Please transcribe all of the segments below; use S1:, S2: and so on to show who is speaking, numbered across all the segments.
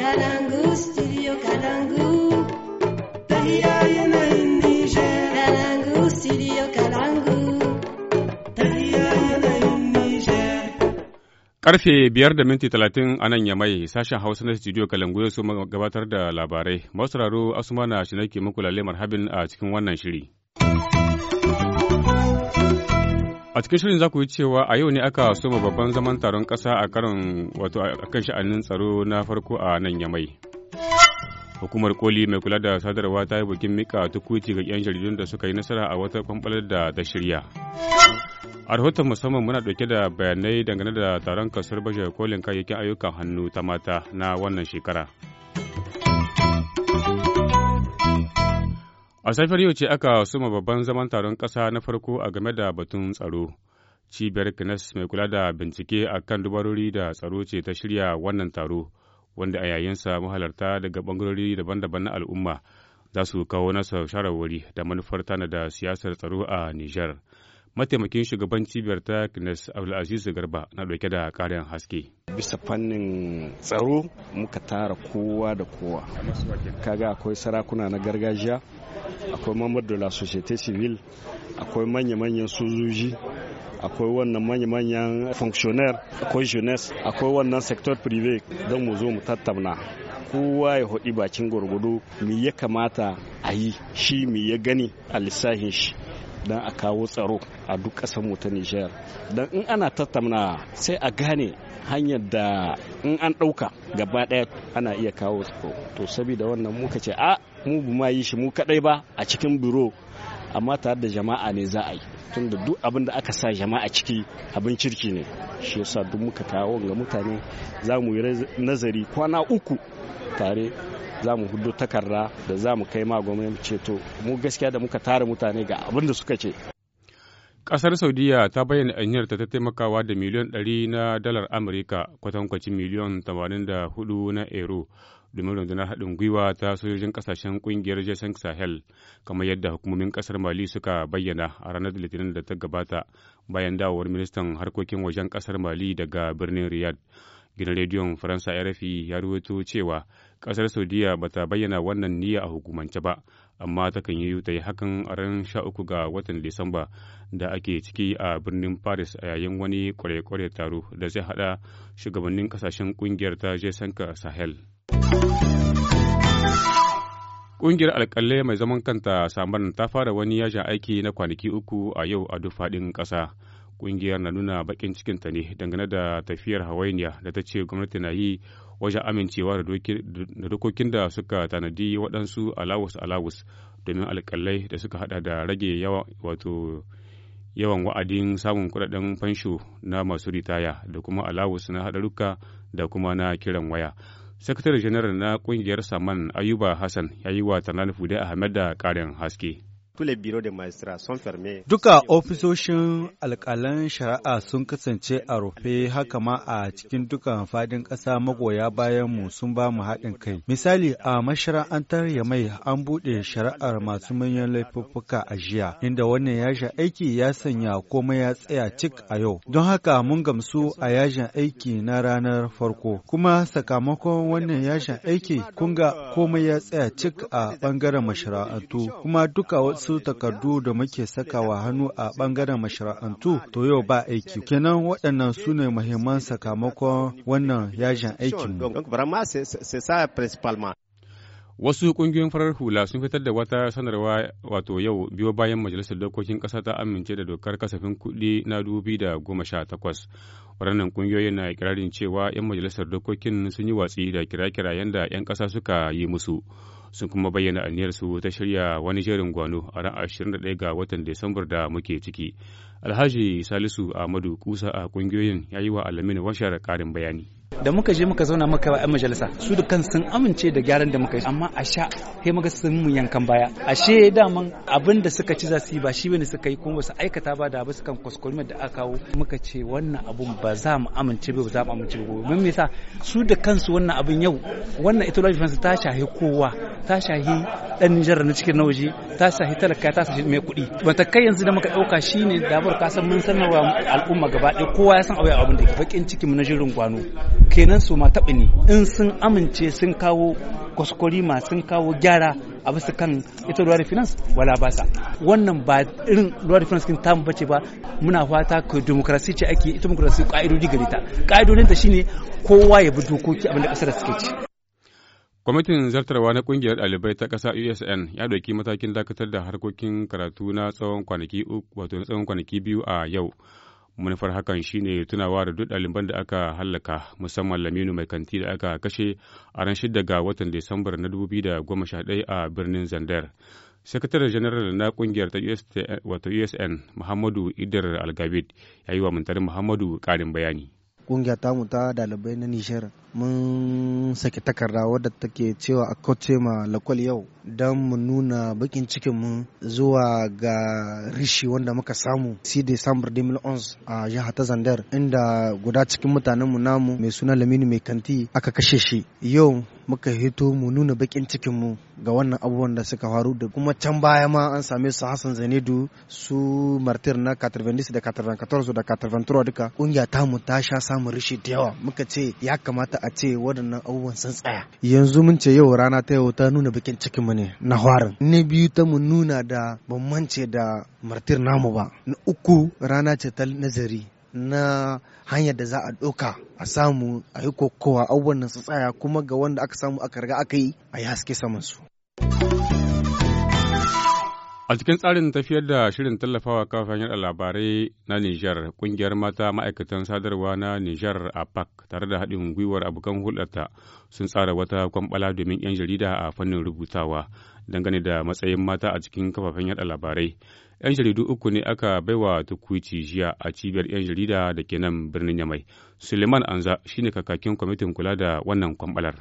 S1: Kalangu, studio Kalangu.
S2: Kalangu, studio Kalangu.
S3: Karfe biyar da minti talatin a nan ya mai sashen Hausa na studio Kalangu ya so gabatar da labarai. Masu raro Asuma na shi nake muku lalle marhabin a cikin wannan shiri. A cikin shirin za ku yi cewa a yau ne aka soma babban zaman taron ƙasa a karan wato a kan sha'anin tsaro na farko a nan yamai. Hukumar koli mai kula da sadarwa ta yi bikin mika tukuci ga 'yan jaridun da suka yi nasara a wata kwamfalar da ta shirya. A rahoton musamman muna ɗauke da bayanai dangane da taron kasar bashar kolin kayayyakin ayyukan hannu ta mata na wannan shekara. A safiyar yau ce aka suma babban zaman taron ƙasa na farko a game da batun tsaro. Cibiyar Kines mai kula da bincike a kan dubarori da tsaro ce ta shirya wannan taro, wanda a yayinsa mahalarta daga ɓangarori daban-daban na al'umma za su kawo nasa shawarwari da manufar tana da siyasar tsaro a Nijar. mataimakin shugaban cibiyar ta kines abdulaziz garba na dauke da karin haske bisa
S4: fannin tsaro muka tara kowa da kowa kaga akwai sarakuna na gargajiya akwai mamar da la société civile akwai manya-manyan sojoji akwai wannan manya-manyan fonctionnaire akwai jeunesse akwai wannan sector privé don mu zo mu tattauna kowa ya hudi bakin gwargwado me ya kamata a yi shi me ya gani a lissahin shi don a kawo tsaro a duk ƙasar mu ta Nijar. Don in ana tattauna sai a gane hanyar da in an ɗauka gaba ɗaya ana iya kawo tsaro. To saboda wannan muka ce a mu bu ma yi shi mu kadai ba a cikin biro amma tare da jama'a ne za a yi tunda duk abin da aka sa jama'a ciki abin kirki ne shi yasa duk muka kawo ga mutane za mu yi nazari kwana uku tare za mu hudu takarda da za mu kai ma gwamnati ceto mu gaskiya da muka tara mutane ga abin da suka ce
S3: Ƙasar Saudiya ta bayyana anyarta ta taimakawa da miliyon 100 na dalar Amurka kwatankwacin miliyon 84 na euro domin rundunar haɗin gwiwa ta sojojin ƙasashen ƙungiyar jason sahel kamar yadda hukumomin ƙasar mali suka bayyana a ranar litinin da ta gabata bayan dawowar ministan harkokin wajen ƙasar mali daga birnin riyad gidan rediyon faransa rfi ya ruwaito cewa ƙasar saudiya ba ta bayyana wannan niyya a hukumance ba amma takan yi ta yi hakan a ran sha uku ga watan disamba da ake ciki a birnin paris a yayin wani kware-kware taro da zai hada shugabannin ƙasashen ƙungiyar ta jesanka sahel Ƙungiyar alƙalai mai zaman kanta Samban ta fara wani yajin aiki na kwanaki uku a yau a duk faɗin ƙasa. Ƙungiyar na nuna baƙin cikinta ne dangane da tafiyar hawainiya da ta ce gwamnati na yi wajen amincewa da dokokin da suka tanadi waɗansu alawus-alawus domin alƙalai da suka haɗa da rage wato yawan wa'adin samun kuɗaɗen fansho na masu ritaya da kuma alawus na haɗaruka da kuma na kiran waya. sakatare janar na kungiyar saman ayuba hassan ya yi wa tanani fude ahmed da karin haske Duka ofisoshin
S2: alƙalan shari'a sun kasance a rufe haka ma a cikin dukan fadin ƙasa magoya bayan mu sun ba mu haɗin kai. Misali a mashara'antar Yamai an buɗe shari'ar masu manyan laifuffuka a jiya, inda wannan yajin aiki ya sanya komai ya tsaya cik a yau. Don haka mun gamsu a yajin aiki na ranar farko, kuma sakamakon wannan yajin aiki kun ga komai ya tsaya cik a bangaren mashara'antu, kuma duka wasu wasu takardu da muke sakawa hannu a bangaren mashara'antu to yau ba aiki. Kenan waɗannan su ne muhimman sakamakon wannan yajin
S3: aikin Wasu ƙungiyoyin farar hula sun fitar da wata sanarwa wato yau biyo bayan Majalisar Dokokin Ƙasa ta amince da dokar kasafin kuɗi na dubi da goma sha takwas. Waɗannan ƙungiyoyin na kirarin cewa 'yan Majalisar Dokokin sun yi watsi da kira-kirayen da 'yan ƙasa suka yi musu. sun kuma bayyana aniyarsu ta shirya wani jerin gwano a ran 21 ga watan Disambar da muke ciki. Alhaji Salisu Ahmadu Kusa a ƙungiyoyin ya yi wa Alamin Washar karin bayani. da muka
S4: je muka zauna muka yan majalisa su da kan sun amince da gyaran da muka yi amma a sha sai muka sun mu yankan baya ashe daman abin da suka ci za su yi ba shi bane suka yi kuma ba su aikata ba da ba su kan kuskurmar da aka kawo muka ce wannan abun ba za mu amince ba za mu amince ba mun me yasa su da kansu wannan abin yau wannan ita lafiya ta shahi kowa ta shahi dan jarra na cikin nauji ta shahi talaka ta shahi mai kuɗi ba ta kai yanzu da muka ɗauka shine dabar kasan mun sanarwa al'umma gaba ɗaya kowa ya san abin da ke bakin ciki mu na jirin gwano kenan su ma taɓa ne in sun amince sun kawo ma sun kawo gyara a bisa kan ita ruwa finance wala ba sa wannan ba irin ruwa finance kin tamu bace ba muna fata ko demokrasi ce ake ita demokrasi ka'idodi gare ta ka'idodin ta shine kowa ya bi dokoki abinda kasar suke ci
S3: Kwamitin zartarwa na kungiyar ɗalibai ta ƙasa USN ya ɗauki matakin dakatar da harkokin karatu na tsawon kwanaki uku wato na tsawon kwanaki biyu a yau. manufar hakan shine tunawa da duk ɗaliban da aka hallaka musamman laminu mai kanti da aka kashe a ran shida ga watan disambar na 2011 a birnin zandar sakataren janaral na kungiyar ta usn muhammadu idar algabid ya yi wa muhammadu karin bayani
S5: kungiya mu ta dalibai na Nijar mun saki takarda wadda take cewa a kauce ma lakwal yau don mu nuna bakin mu zuwa ga rishi wanda muka samu si December 2011 a jihar ta Zandar inda guda cikin mutanenmu namu mai suna Lamini mai kanti aka kashe shi yau muka hito mu nuna bakin cikinmu ga wannan abubuwan da suka faru da kuma can baya ma an same su Hassan zanidu su Martir na 90 da 94 da 93 duka kungiya ta mu ta sha samun rishi da yawa muka ce ya kamata a ce waɗannan abubuwan sun tsaya yanzu mun ce yau rana ta yau ta nuna bakin cikinmu ne na harin na biyu ta mu nuna da bambance da Martir namu ba na uku rana ce ta nazari na hanyar da za a ɗauka a samu a yi kokowa abubuwan nan su tsaya kuma ga wanda aka samu aka riga aka yi a yi haske saman su.
S3: A cikin tsarin tafiyar da shirin tallafawa kafafen yada labarai na Nijar, kungiyar mata ma'aikatan sadarwa na Nijar a PAC tare da haɗin gwiwar abokan hulɗarta sun tsara wata kwamɓala domin 'yan jarida a fannin rubutawa dangane da matsayin mata a cikin kafafen yada labarai. 'Yan jaridu uku ne aka baiwa tukuici jiya a cibiyar 'yan jarida da ke nan birnin Yamai. Suleiman Anza shine kakakin kwamitin kula da wannan kwambalar.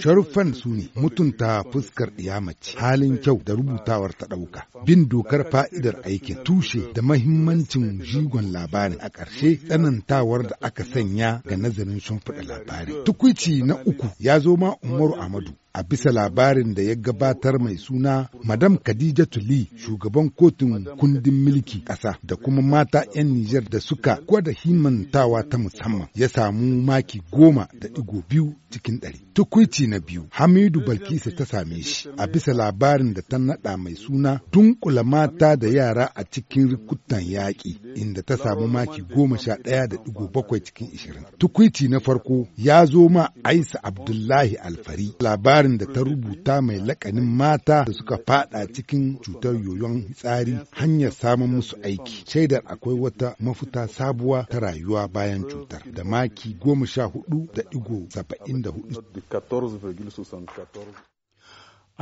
S6: Sharuffan su ne mutunta fuskar mace halin kyau da rubutawar ta ɗauka, bin dokar fa'idar aikin tushe da mahimmancin jigon labarin a ƙarshe tsanantawar da aka sanya ga nazarin shimfiɗa labari, Tukwici na uku ya zo ma Umaru Amadu a bisa labarin da ya gabatar mai suna Madam Khadija Tuli shugaban kotun kundin mulki ƙasa da kuma mata 'yan Nijar da suka gwada himantawa ta musamman ya samu maki goma da digo biyu cikin ɗari. tukwici na biyu Hamidu Balkisa ta same shi a bisa labarin da ta naɗa mai suna dunkula mata da yara a cikin rikutan yaƙi inda ta samu maki goma sha ɗaya da digo bakwai cikin ishirin. tukwici na farko ya zo ma Aisa Abdullahi Alfari labarin labarin da ta rubuta mai lakanin mata da suka fada cikin cutar yoyon tsari hanyar samun musu aiki shaidar akwai wata mafuta sabuwa ta rayuwa bayan cutar da maki goma sha hudu da digo saba'in da hudu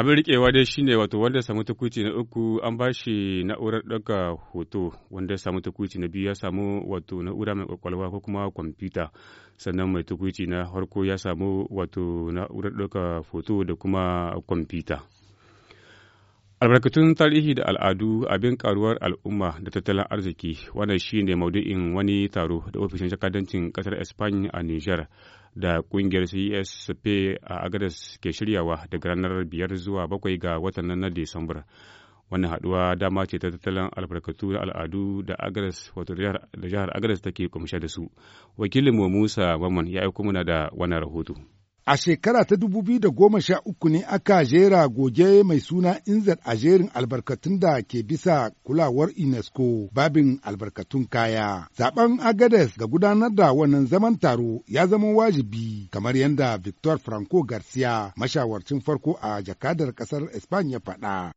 S3: abin rikewa dai shine wato wanda ya samu tukuci na uku an ba shi na'urar ɗauka hoto wanda ya samu tukuci na biyu ya samu wato na'ura mai kwakwalwa ko kuma kwamfuta sannan mai tukuci na harko ya samu wato na'urar ɗauka hoto da kuma kwamfuta. albarkatun tarihi da al'adu abin karuwar al'umma da tattalin arziki wannan shi ne maudu'in wani taro da ofishin jakadancin kasar espanya a niger da kungiyar csp e a agadas ke shiryawa daga ranar biyar zuwa bakwai ga watan na disambar wannan haduwa dama ce ta tattalin albarkatu da al'adu da agadas wato da jihar agadas take kumshe da su wakilin mu musa maman ya aiko mana da wannan rahoto
S6: A shekara ta dubu biyu da goma sha uku ne aka jera goge mai suna inzar a jerin albarkatun da ke bisa kulawar UNESCO babin albarkatun kaya. Zaben Agades ga gudanar da wannan zaman taro ya zama wajibi kamar yadda Victor Franco Garcia mashawarcin farko a jakadar kasar Espanya ya faɗa.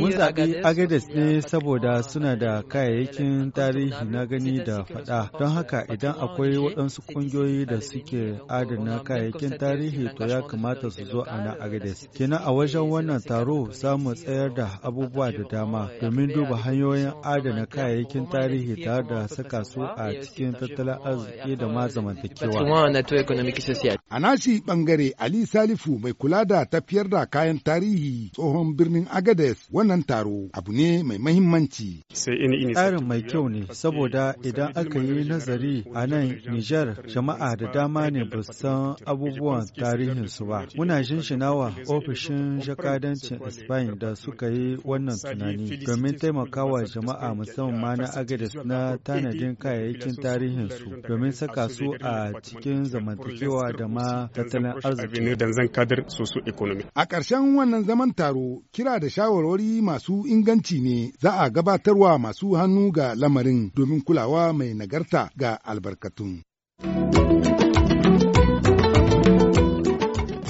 S2: Mun zaɓi Agades ne saboda suna da kayayyakin tarihi na gani da faɗa don haka idan akwai waɗansu ƙungiyoyi da suke adana kayayyakin tarihi tarihi to ya kamata su zo a Agades. Kina a wajen wannan taro samu tsayar da abubuwa da dama domin duba hanyoyin adana kayayyakin tarihi tare da saka su a cikin tattalin arziki da ma zamantakewa.
S6: A nashi bangare Ali Salifu mai kula da tafiyar da kayan tarihi tsohon
S2: birnin Agades wannan taro abu ne mai mahimmanci.
S3: Tsarin
S2: mai kyau ne saboda idan aka yi nazari a nan Nijar jama'a da dama ne ba san abubuwan su ba. Muna shinshinawa ofishin jakadancin Spain da suka yi wannan tunani domin taimakawa jama'a musamman ma na Agadez na tanadin kayayyakin tarihinsu domin saka su a cikin zamantakewa
S3: da ma tattalin arziki.
S2: A ƙarshen wannan zaman taro
S6: kira da shawarwari masu inganci ne za a gabatarwa masu hannu ga lamarin domin kulawa mai nagarta ga albarkatun.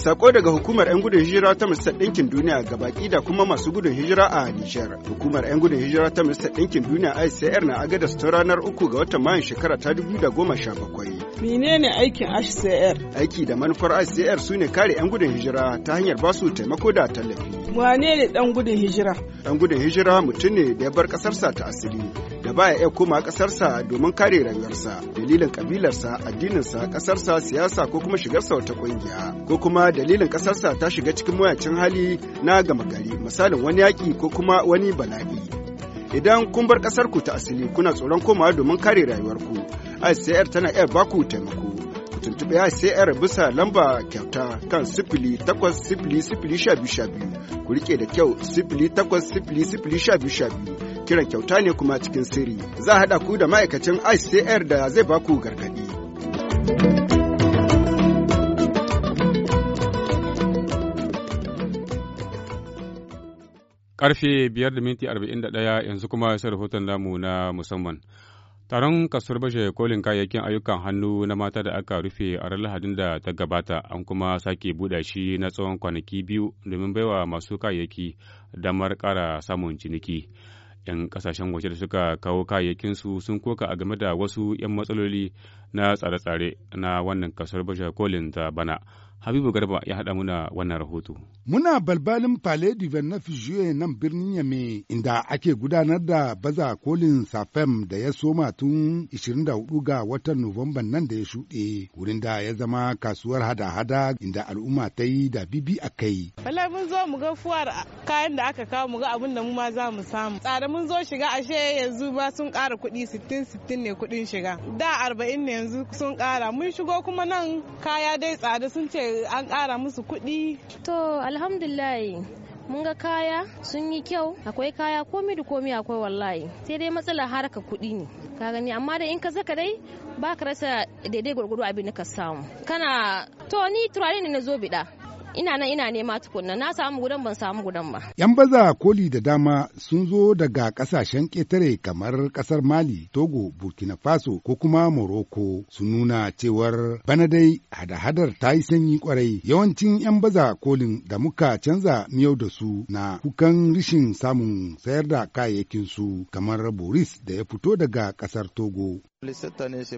S1: Sako daga hukumar 'yan gudun hijira ta Mista Ɗinkin Duniya ga baki da kuma masu gudun hijira a Nijar. Hukumar 'yan gudun hijira ta Mista Ɗinkin Duniya ICR na agadas ta ranar uku ga watan Mayun shekara ta dubu da goma sha bakwai.
S4: Menene aikin ICR?
S1: Aiki da manufar ICR su ne kare 'yan gudun hijira ta hanyar basu taimako da tallafi.
S4: Wane ne ɗan gudun hijira?
S1: Ɗan gudun hijira mutum ne da ya bar ƙasarsa ta asiri da baya iya koma kasarsa domin kare rayuwarsa, dalilin kabilarsa addininsa ƙasarsa siyasa ko kuma shigarsa wata kungiya ko kuma dalilin kasarsa ta shiga cikin mayacin hali na gama gari misalin wani yaƙi ko kuma wani bala'i idan kun bar ƙasarku ta asali kuna tsoron komawa domin kare rayuwarku ICR tana iya baku taimako tuntuɓe ICR bisa lamba kyauta kan sifili takwas sifili sifili sha biyu sha biyu ku riƙe da kyau sifili takwas sifili sifili sha biyu sha biyu kiran kyauta ne kuma cikin sirri za a haɗa ku da ma'aikacin ICR da zai baku gargaɗi.
S3: Karfe biyar da minti arba'in da ɗaya yanzu kuma sai rahoton namu na musamman. Taron kasuwar bashe kolin kayayyakin ayyukan hannu na mata da aka rufe a ranar Lahadin da ta gabata an kuma sake buɗe shi na tsawon kwanaki biyu domin baiwa masu kayayyaki damar ƙara samun ciniki. 'Yan ƙasashen waje da suka kawo kayayyakinsu sun koka a game da wasu 'yan matsaloli na tsare-tsare na wannan kasuwar bashe kolin ta bana. Habibu Garba ya haɗa muna wannan rahoto.
S6: Muna balbalin Palais du Vernafijiyo nan birnin Yame inda ake gudanar da baza kolin Safem da ya soma tun 24 ga watan Nuwamban nan da ya shuɗe wurin da ya zama kasuwar hada-hada inda al'umma ta yi da bibi a kai.
S4: Bala mun zo mu ga fuwar kayan da aka kawo mu ga abin da mu ma za mu samu. Tsada mun zo shiga ashe yanzu ma sun ƙara kuɗi 60-60 ne kuɗin shiga. Da 40 ne yanzu sun ƙara. Mun shigo kuma nan kaya dai tsada sun ce an kara musu kuɗi. To alhamdulillah mun ga kaya sun yi kyau akwai kaya komi da komi akwai wallahi sai dai matsala haraka kuɗi ne ka gani amma da in ka zaka dai ba ka rasa daidai gwargwado abin da ka samu kana to ni turare ne na zo biɗa ina nan ina nema tukunna na samu gudan ban samu gudan ba
S6: yan baza koli da dama sun zo daga kasashen ƙetare kamar kasar mali togo burkina faso ko kuma morocco su nuna cewar bana dai hada-hadar ta yi sanyi kwarai yawancin yan baza kolin da muka canza miyau da su na kukan rishin samun sayar da kayayyakin su kamar boris da ya fito daga kasar togo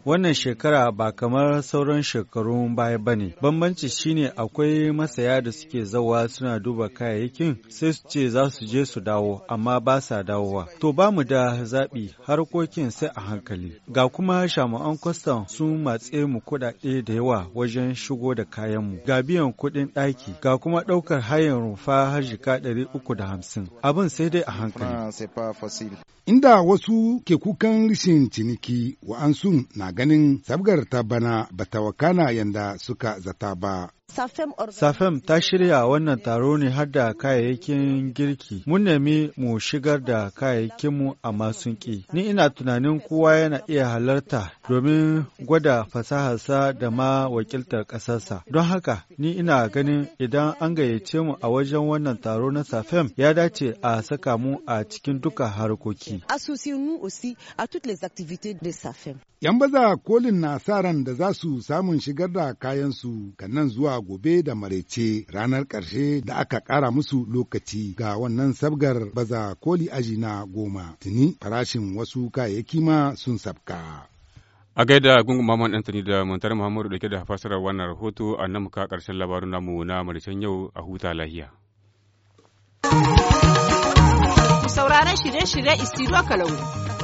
S2: Wannan shekara ba kamar sauran shekarun baya ba ne. Bambanci shine akwai masaya da suke zawa suna duba kayayyakin sai su ce za su je su dawo amma ba sa dawowa. To ba mu da zaɓi harkokin sai a hankali. Ga kuma shama'an kwastan sun matse mu kuɗaɗe da yawa wajen shigo da kayan mu. Ga biyan kuɗin ɗaki ga kuma ɗaukar hayan rumfa har jika ɗari uku da hamsin. Abin sai dai a hankali.
S6: Inda wasu ke kukan rishin ciniki wa'ansu na ganin sabgar ta bana ba ta wakana yanda suka
S2: zata ba. Safem ta shirya wannan taro ne har da kayayyakin girki. Mun nemi mu shigar da kayayyakinmu a sun ƙi. Ni ina tunanin kowa yana iya halarta domin gwada fasaharsa da ma wakiltar ƙasarsa. Don haka, ni ina ganin idan an gayyace mu a wajen wannan taro na Safem ya dace a saka mu a cikin duka harkoki.
S6: Yan baza kolin na da za su samun shigar da kayansu kan nan zuwa gobe da maraice ranar ƙarshe da aka ƙara musu lokaci ga wannan sabgar baza koli aji na goma. Tuni farashin wasu kayayyaki ma sun sabka.
S3: A gaida gungun Maman Anthony da Muntar Muhammadu dauke da fasarar wannan rahoto a nan muka ƙarshen labarun namu na maricen yau a huta lahiya.
S4: Sauraron shirye-shirye istiro Kalau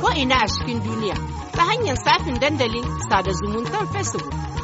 S4: ko ina a cikin duniya
S1: ta hanyar safin dandalin sada zumuntar Facebook.